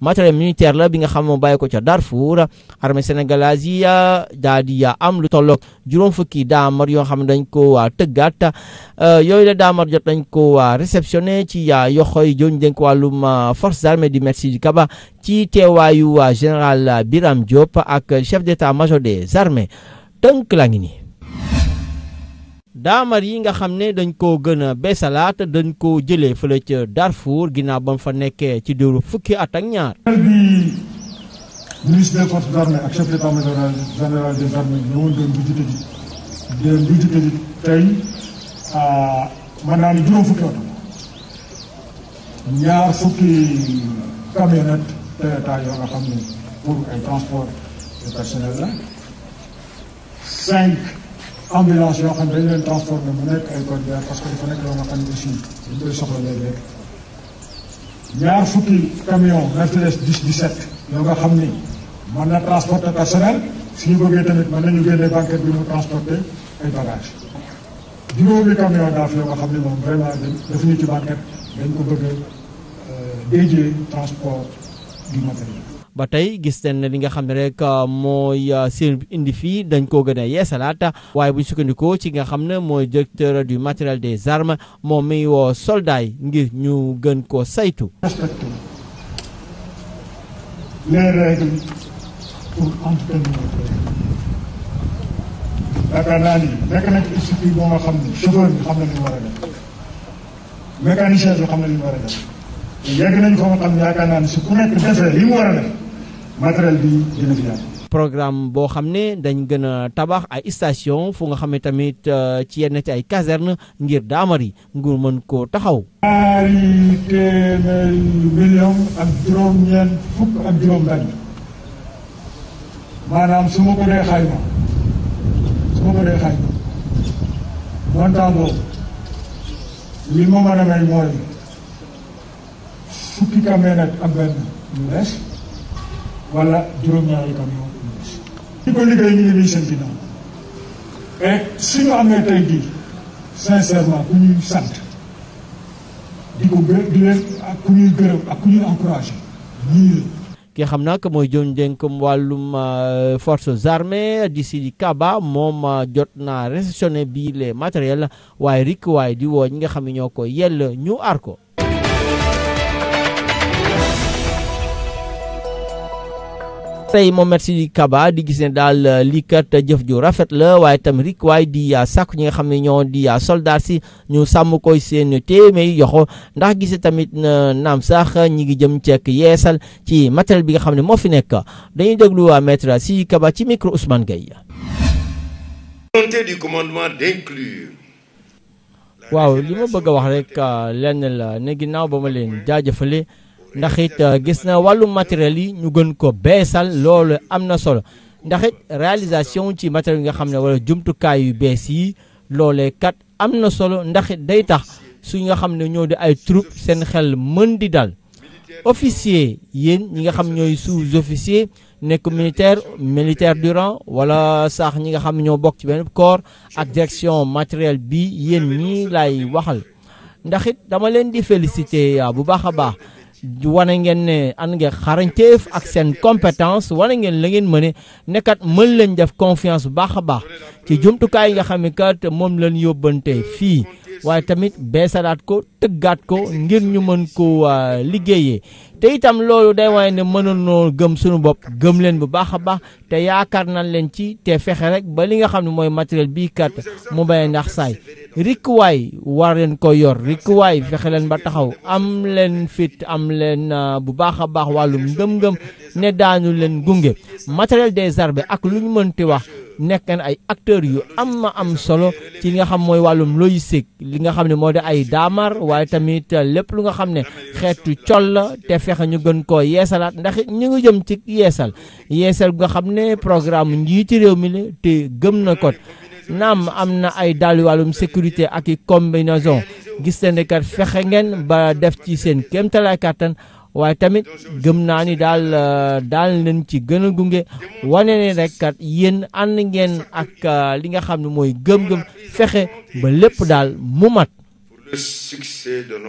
matériel militaire la bi nga xam moo bàyyi ko ca Darfour armée sénégalaise yi daal di am lu tolloog juróom fukki daamar yoo xam ne dañ ko tëggaat euh, yooyu la daamar jot dañ ko réceptionné ci yoxoy jooñ dénk wàllum euh, forces armées du merci du Kaba ci teewaayu général Biram Diop ak chef d'état-major des armées tënk la ngi nii daamar yi nga xam ne dañ koo gën a beesalaat dañ koo jëlee fële ca Darfour ginnaaw ba mu fa nekkee ci diiru fukki at ak ñaar. ministre des forces armées ak chef d'état major général des armées ñëwoon fukki oto ñaar fukki yoo nga xam ne pour ay transport personnel la ambulance yoo xam ne dañ leen transformé mu nekk ay code vert parce que koy soxla léeg-léeg ñaar fukki camion Mercedes 10 17 yoo nga xam ni mën na transporter personnel suñu bëggee tamit mën nañu génne banquette bi mu transporter ay bagages juróomi camion daaf yoo nga xam ne moom vraiment dafa ñu ci banquette dañ ko bëgg a euh, transport du matériel ba tey gis nañ ne li nga xam ne rek euh, mooy euh, seen indi fii dañ koo gën a yeesalaat waaye bu sukkandikoo ci nga xam ne mooy directeur du matériel des armes moom mi woo soldat yi ngir ñu gën koo saytu. ni nekk nga xam ni li mu war a def mécanicien bi xam nga xam yaakaar li mu war a def matériel bi dina fi programme boo xam ne dañ gën a tabax ay station fu nga xam ne tamit euh, ci yenn ci ay caserne ngir daamari nguur mën koo taxaw ñaari téeméeri maanaam su ma ko dee xayma su ma ko dee xayma montant boobu li ma mën a may mooy fukki kameenet ak benn ñu des wala juróom-ñaari camion ñi ko liggéey ñu ngi nii seen ginnaaw mais suñu amee tey jii sincèrement ku ñuy sant di ko gë di leen ak ku ñuy gërëm ñii ki xam nag mooy joon dénkum wàllum euh, forces armées di Sidi Kaba moom euh, jot naa bi bii matériel matériels waaye rik waaye di woo ñi nga xam ne ñoo ko yell ñu aar ko tey Mohamed Sidiki Kaba di gis ne daal euh, lii kat jëf ju rafet la waaye tam rik waaye di euh, sàkku ñi nga xam ne ñoo di euh, soldat si ñu sàmm koy seen téeméer yoxo ndax gise tamit naam sax ñi ngi jëm ceek yeesal ci matériel bi nga xam ne moo fi nekk dañuy déglu waa maître Sidiki Kaba ci micro Ousmane Gueye. waaw li ma bëgg wax rek lenn la ne ginnaaw ba ma leen jaajëfale ndax it euh, gis na wàllu matériel yi ñu gën ko beesal loolu am na solo ndax it réalisation ci matériel yi nga xam ne wala jumtukaay yu bees yi loole kat am na solo ndax it day tax su nga xam ne ñoo di ay troupe seen xel mën di dal officier yéen ñi nga xam ñooy sous-officier nekk militaire militaire du wala sax ñi nga xam ñoo bokk ci benn corps ak direction matériel bi yéen ñii lay waxal ndax it dama leen di féliciter euh, bu baax a baax wane ngeen ne an ngeen xarañteef ak seen compétence wane ngeen la ngeen mëne nekkat mën leen def confiance bu baax a baax ci jumtukaay yi nga xam ne kat moom leen yóbbante fii waaye tamit salaat ko tëggaat ko ngir ñu mën ko liggéeyee te itam loolu day waaye ne mënoonoo gëm suñu bopp gëm leen bu baax a baax te yaakaar nañ leen ci te fexe rek ba li nga xam ne mooy matériel bii katt mu bañ ndax saay rikkuwaay war leen ko yor rikkuwaay fexe leen ba taxaw am leen fit am leen ah, bu baax a baax wàllum ngëm-ngëm ne daanu leen gunge matériel des armes ak lu ñu mënti wax nekk na ay acteurs yu am ma am solo ci nga xam mooy wàllum logistique li nga xam ne moo di ay daamar waaye tamit lépp lu nga xam ne xeetu col la te fexe ñu gën koo yeesalaat ndax ñu ngi jëm ci yeesal yeesal nga xam ne programme njiiti réew mi la te gëm na ko naam am na ay dàll wàllum sécurité ak i combinaison gis nañ ne kat fexe ngeen ba def ci seen kéemtalaay kàttan waaye tamit gëm naa ni daal euh, daal leen ci gën a gunge wane ne rek kat yéen ngeen ak euh, li nga xam ni mooy gëm-gëm fexe ba lépp daal mu mat. le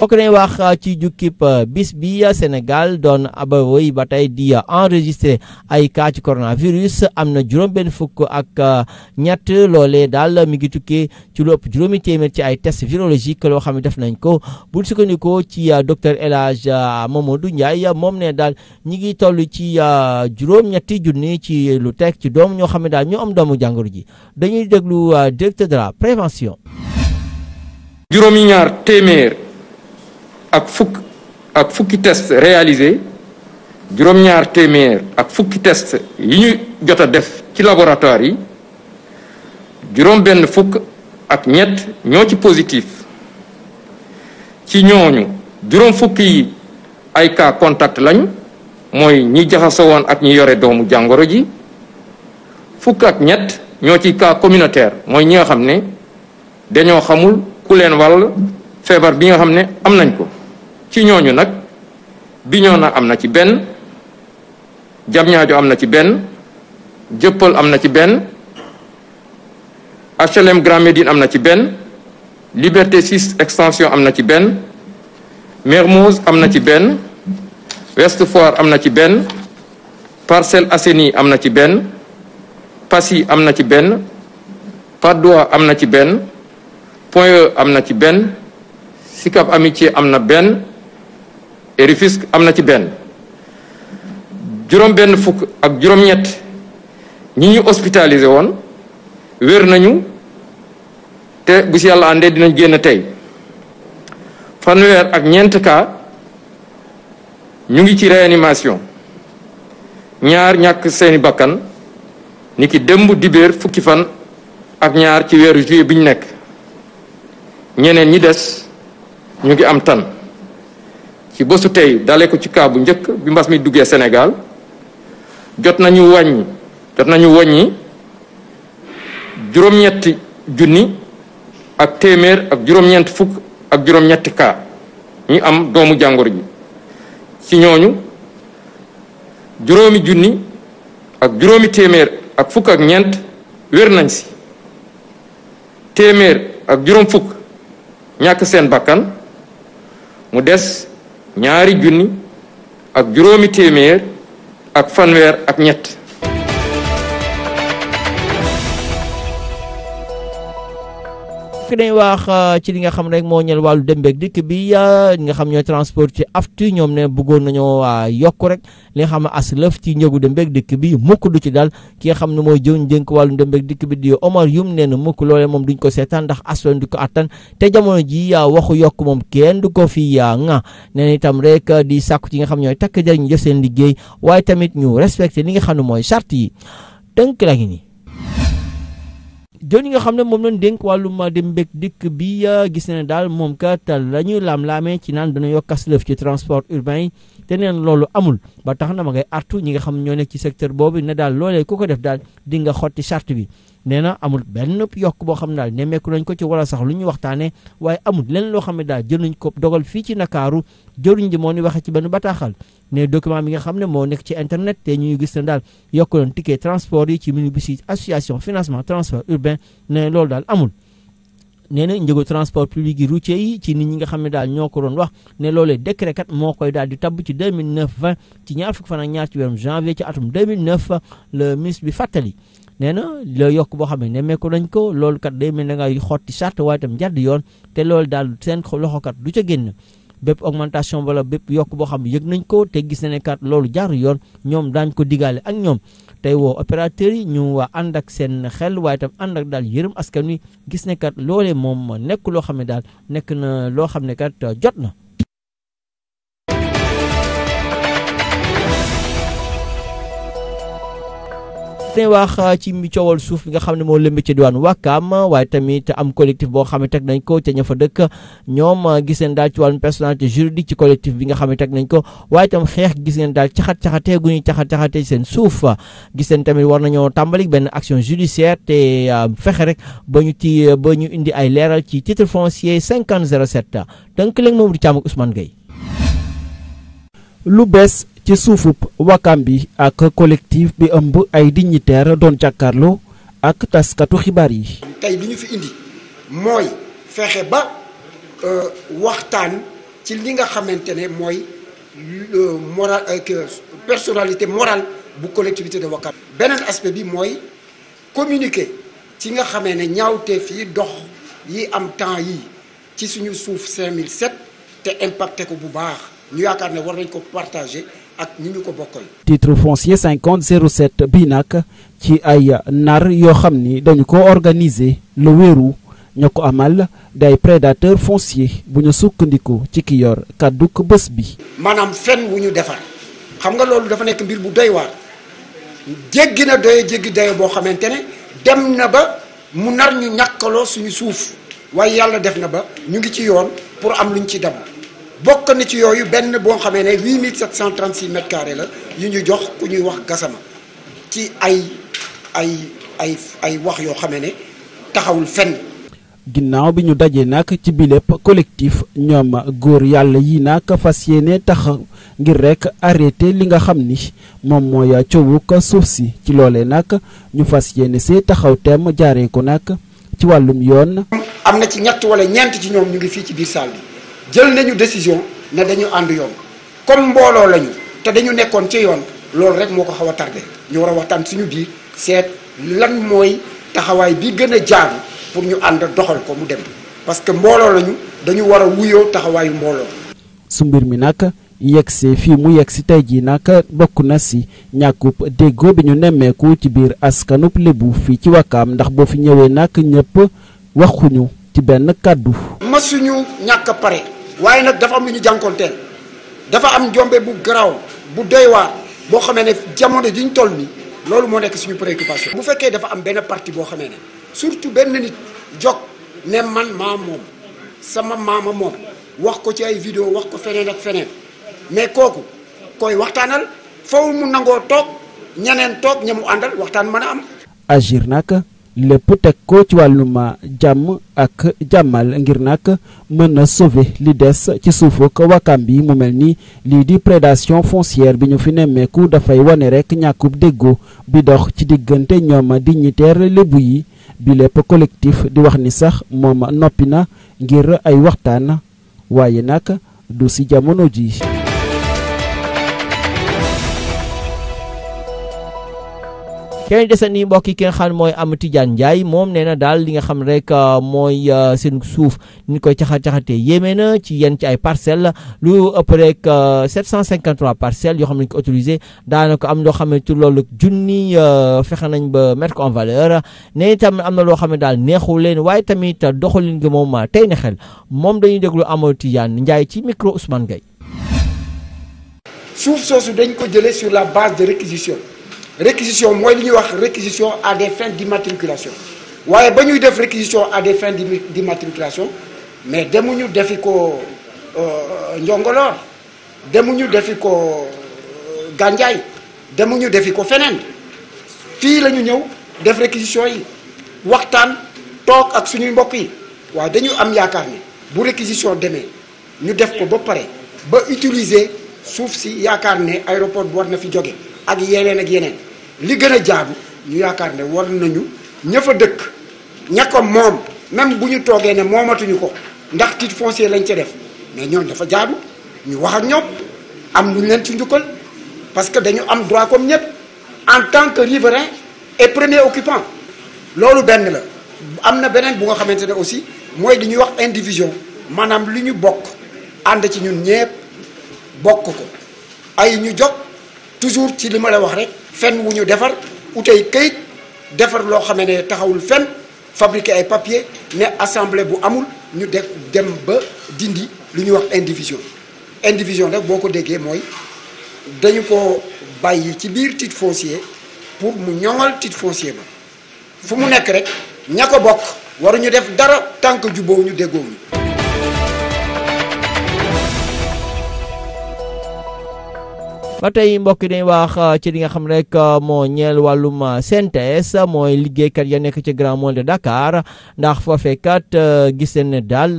fokk nañ wax euh, ci jukkib euh, bis bi euh, Sénégal doon aba woy ba tey di enregistré ay cas ci coronavirus am na juróom benn fukk ak ñett loole daal mi ngi tukkee ci lu ëpp juróomi téeméer ci ay test virologique loo xam ne def nañ ko bu sukkandikoo ci docteur El Hadj du Ndiaye moom ne daal ñi ngi toll ci juróom-ñetti junni ci lu teg ci doom ñoo xam ne daal ñoo am doomu jàngoro ji dañuy déglu directeur de la prévention. juróomi ñaar téeméer. ak fukk ak fukki test réalisé juróom-ñaar téeméer ak fukki test yi ñu jot a def ci laboratoire yi juróom-benn fukk ak ñett ñoo ci positif ci ñooñu juróom fukk yi ay kaa contact lañu mooy ñi jaxasoo woon ak ñi yore doomu jàngoro ji fukk ak ñett ñoo ci cas communautaire mooy ñi nga xam ne dañoo xamul ku leen wàll feebar bi nga xam ne am nañ ko ci ñooñu nag Bignona am na ci benn Diamniadio am na ci benn Dieuppeul am na ci benn HLM Grand Médine am na ci benn Liberté 6 extension am na ci benn Mermoz am na ci benn Ouest am na ci benn Parcelles Assainies am na ci benn Passy am na ci benn Patte am na ci benn Point am na ci benn Sicap Amitié am na benn et Rufisque am na ci benn juróom benn fukk ak juróom-ñett ñi ñu hospitalisé woon wér nañu te bu si yàlla àndee dinañ génn tey fanweer ak ñeent kaa ñu ngi ci réanimation ñaar ñàkk seeni bakkan ni ki démb dibéer fukki fan ak ñaar ci weeru juillet bi ñu nekk ñeneen ñi des ñu ngi am tan ci bésu tey dalee ko ci cas bu njëkk bi mbas mi duggee Sénégal jot nañu wàññi jot nañu wàññi juróom-ñetti junni ak téeméer ak juróom-ñeent fukk ak juróom-ñetti cas ñu am doomu jàngoro ji ci ñooñu juróomi junni ak juróomi téeméer ak fukk ak ñeent wér nañ si téeméer ak juróom fukk ñàkk seen bakkan mu des ñaari junni ak juróomi téeméer ak fanweer ak ñett fekk dañ wax euh, ci li nga xam rek moo ñel wàllu dem dikk bi euh, ñi nga xam ñooy transport ci aftu ñoom ne bëggoon waa yokk rek li nga xam ne as lëf ci njëgu dem beeg dikk bi mukk du ci dal ki nga xam ne mooy jëwñ dénk wàllu dem dikk bi di Omar Youm nee na mukk loolee moom duñ ko seetaan ndax aslan di ko attan te jamono ji euh, waxu yokk moom kenn du ko fii nga nee na itam rek di sàkku ci nga xam ñooy takk jëriñ ñu seen liggéey waaye tamit ñu respecté li nga xam ne mooy charte yi dënk la ngi nii jëw nga xam ne moom lañ dénk wàllum dem mbék dikk bi ah, gis na ne daal moom kat la ñuy laam-laamee ci naan dana yokk aslëf ci transport urbain te neen loolu amul ba tax na ma ngay artu ñi nga xam ñoo nekk ci secteur boobu ne daal loole ko ko def daal di nga xotti charte bi nee na amul benn yokk boo xam ne daal nemmeeku nañ ko ci wala sax lu ñu waxtaanee waaye amul lenn loo xam ne daal jël nañ ko dogal fii ci Ndakaaru jëriñ ji moo ni waxee ci benn bataaxal ne document bi nga xam ne moo nekk ci internet te ñuy gis ne daal yokk nañ ticket transport yi ci minibus yi association financement transport urbain ne loolu daal amul. nee na njëgu transport public yi routier yi ci nit ñi nga xam ne daal ñoo ko doon wax ne loolee décret kat moo koy daal di tabb ci 2009 20 ci ñaar fukki fan ak ñaar ci weerum janvier ci atum 2009 le ministre bi fàttali. nee na yokk boo xam ne nemmeeku nañ ko loolukat kat day mel na ngay xotti charte waaye itam jàdd yoon te loolu daal seen loxokat du ca génn bépp augmentation wala bépp yokk boo xam ne yëg nañ ko te gis na ne kat loolu jaaru yoon ñoom daañ ko digaale ak ñoom tey woo opérateurs yi ñu waa ànd ak seen xel waaye itam ànd ak daal yërëm askan wi gis ne kat loolee moom nekk loo xam ne daal nekk na loo xam ne kat jot na dañ wax ah, ci mi coowal suuf bi nga xam ne moo lëmbi ci diwaan Wakaam waaye tamit am collectif boo xam ne teg nañ ko ca ña fa dëkk ñoom ah, gis ngeen daal ci wàllum te juridique ci collectif bi nga xam teg nañ ko waaye tam xeex gis ngeen daal caxat-caxatee gu ñuy caxat-caxatee seen suuf gis ngeen tamit war nañoo tàmbali benn action judiciaire te ah, fexe rek ba ñu ti ba ñu indi ay leeral ci titre foncier 50 07 tënk leen moom di càmm ak Ousmane Gueye lu bees ci suufub wakam bi ak collective bi ëmb ay dignitaire doon jàkkarloo ak taskatu xibaar yi. tey li ñu fi indi mooy fexe ba euh, waxtaan ci li nga xamante ne mooy euh, moral ak euh, personnalité morale bu collectivité de wakam. beneen aspect bi mooy communiquer ci nga xamee ne ñaawteef fi dox yi am temps yi ci suñu suuf 5007 te impacté ko bu baax ñu yaakaar ne war nañ ko partager ak ñu ngi ko bokkal. titre foncier 50 07 bii nag ci ay nar yoo xam ni dañu ko organiser le wéeru ñoo ko amal di ay prédateur foncier bu ñu sukkandiku ci ki yor kàdduk bés bi. maanaam fenn wu ñu defar xam nga loolu dafa nekk mbir bu doy waar jéggi na doye jéggi doye boo xamante ne dem na ba mu nar ñu ñàkkaloo suñu suuf waaye yàlla def na ba ñu ngi ci yoon pour am luñ ci dem. bokk na ci yooyu benn boo xamee ne 8736 mètres carrés la yu ñu jox ku ñuy wax gasama ci ay ay ay ay wax yoo xamee ne taxawul fenn. ginnaaw bi ñu dajee nag ci bilépp collectif ñoom góor yàlla yi nag fas yéene tax ngir rek arrêté li nga xam ni moom mooy coowuk suuf si ci loolee nag ñu fas yéene see taxaw teem jaaree ko nag ci wàllum yoon. am na ci ñett wala ñeent ci ñoom ñu ngi fii ci biir salle bi. jël nañu décision ne dañu ànd yoon comme mbooloo lañu te dañu nekkoon ci yoon loolu rek moo ko xaw a tardé ñu war a waxtaan suñu biir seet lan mooy taxawaay bi gën a jaadu pour ñu ànd doxal ko mu dem parce que mbooloo lañu dañu war a wuyoo taxawaayu mbooloo. su mbir mi nag yegsee fii mu yegsi tey jii nag bokk na si ñàkku déggoo bi ñu nemmeeku ci biir askanub lébu fii ci Wakaam ndax boo fi ñëwee nag ñëpp waxuñu ci benn kàddu. masuñu ñàkk pare. waaye nag dafa am lu ñu jànkonteel dafa am jombe bu garaaw bu doy boo xamee ne jamono ji ñu toll nii loolu moo nekk suñu pre préoccupation. bu fekkee dafa am benn parti boo xamee ne surtout benn nit jog ne man maa moom sama maama moom wax ko ci ay vidéo wax ko feneen ak feneen mais kooku koy waxtaanal foofu mu nangoo toog ñeneen toog ña mu àndal waxtaan mën a am. agir nag. lépp teg ko ci wàllum ah, jàmm ak jàmmal ngir nag mën na sauver li des ci suufuk Wakam bi mu mel ni lii di prédation foncière bi ñu fi nemmeeku dafay wane rek ñàkku déggoo bi dox ci diggante ñoom dignitaire lébu yi bi lépp collectif di wax ni sax moom noppi na ngir ay waxtaan waaye nag du ci jamono ji keneen desandi mbokk yi ki nga xam ne mooy am Tidiane Ndiaye moom nee daal li nga xam rek euh, mooy euh, seen suuf ni koy caxat-caxatee yéeme na ci yenn ci ay parcelles lu ëpp rek 753 euh, parcelles yoo xam ne ñu ko autorisé daanaka am loo xam ne ci loolu junni fexe nañ ba mettre ko en valeur ne itam am na loo xam ne daal neexu leen waaye tamit doxalin gi moom tey na xel moom dañuy déglu am Tidiane njaay ci micro Ousmane Gueye. suuf soosu dañ ko jëlee sur la base de réquisition. réquisition mooy li ñuy wax réquisition à des fins d'immatriculation waaye ba ñuy def réquisition à des fins d'immatriculation mais demuñu defi ko euh, Njongoloor demuñu defi ko euh, Gànjaay ñu defi ko feneen fii la ñu ñëw def réquisition yi waxtaan toog ak suñuy mbokk yi waaw dañu am yaakaar ni bu réquisition demee ñu def ko ba pare ba utiliser suuf si yaakaar ne aéroport bu war na fi jóge ak yeneen ak yeneen li gën a jaadu ñu yaakaar ne war nañu ña fa dëkk ña ko moom même bu ñu toogee ne moomatuñu ko ndax titre foncier lañ ci def mais ñoom dafa jaadu ñu wax ak ñoom am lu ñu leen ci njukkal parce que dañu am droit comme ñëpp en tant que riverain et premier occupant loolu benn la am na beneen bu nga xamante ne aussi mooy dañuy ñuy wax indivision maanaam li ñu bokk ànd ci ñun ñëpp bokk ko ay ñu jóg toujours ci li ma la wax rek fen wu ñu defar utey kayit defar loo xamee ne taxawul fen fabriquer ay papier ne assemblée bu amul ñu def dem ba dindi lu ñuy wax indivision indivision rek boo ko déggee mooy dañu ko bàyyi ci biir titre foncier pour mu ñoŋal tiit foncier ba fu mu nekk rek ña ko bokk ñu def dara tànk juboowu ñu déggoo ñu ba tey mbokk dañ waax uh, ci li nga xam rek uh, moo ñeel wàllum uh, synthèse mooy liggéeykat ya nekk ci Grand Mall de Dakar ndax foofee kat gis nañ ne daal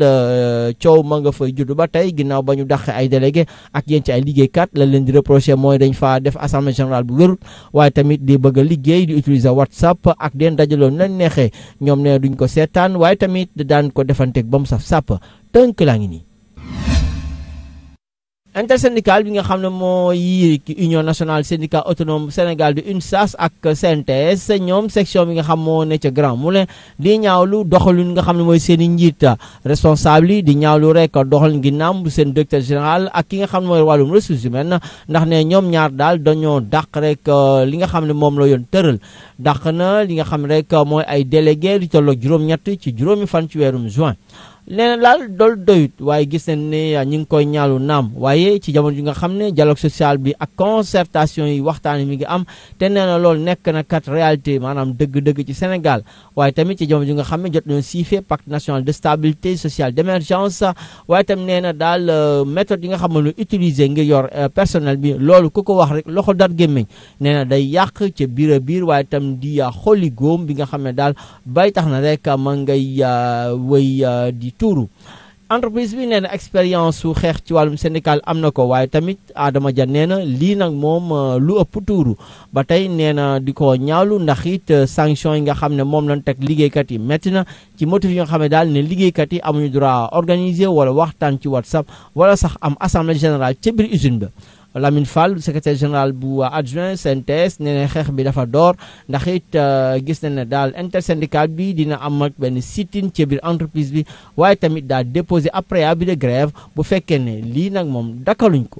coow ma nga fay judd ba tey ginnaaw ba ñu dàqee ay délégué ak yéen ci ay liggéeykat la leen di reproché mooy dañ faa def assemblée générale bu wérut waaye tamit di bëgga liggéey di utiliser WhatsApp ak den dajaloon nañ neexee ñoom ne duñ ko seetaan waaye tamit daan ko defanteek ba mu saf sàpp tënk laa ngi nii intersyndical bi nga xam ne moo yii union nationale syndicat autonome Sénégal di UNSAS ak CNTS ñoom section bi nga xam moo ne ca Grand Moulin di ñaawlu doxalin nga xam ne mooy seen i njiit responsable yi di ñaawlu rek doxalin gi naam bu seen directeur général ak ki nga xam ne mooy wàllum ressources humaines ndax ne ñoom ñaar daal dañoo dàq rek euh, li nga xam ne moom la yoon tëral dàq na li nga xam ne rek mooy ay délégué di tolloog juróom-ñett ci juróomi fan ci weerum juin. leneen daal dool doyut waaye gis nañ ne ah, ñu ngi koy ñaalu naam waaye ci jamono ji nga xam ne dialogue social bi ak concertation yi waxtaan mi ngi am te nee na loolu nekk na kat réalité maanaam dëgg-dëgg ci Sénégal waaye tamit ci jamono ji nga xam ne jot nañu siife pacte national de stabilité sociale d'émergence waaye tam nee na daal euh, méthode yi nga xam ne utiliser ngir yor euh, personnel bi loolu ku ko wax rek loxo dar gémmiñ nee day yàq ca biir biir waaye tam di ah, xoli góom bi nga xam ne daal bay tax na rek ah, ma ngay wëy di tuuru entreprise bi nee na expérience su xeex ci wàllum syndical am na ko waaye tamit aadama ja nee na lii nag moom euh, lu ëpp tuuru ba tey nee na di ko ñaalu ndax it euh, sanction yi nga xam ne moom lañ teg liggéeykat yi métti na ci motif yi nga xam ne daal ne liggéeykat yi amuñu droit organiser wala waxtaan ci whatsapp wala sax am assemblée générale ca biir usine ba. Lamine Fall secrétaire général bu adjoint CNTS nee na xeex bi dafa door ndax it euh, gis nañ ne daal intersyndical bi dina am ak benn sit-in biir entreprise bi waaye tamit daal déposé après préavis de grève bu fekkee ne lii nag moom dakaluñ ko.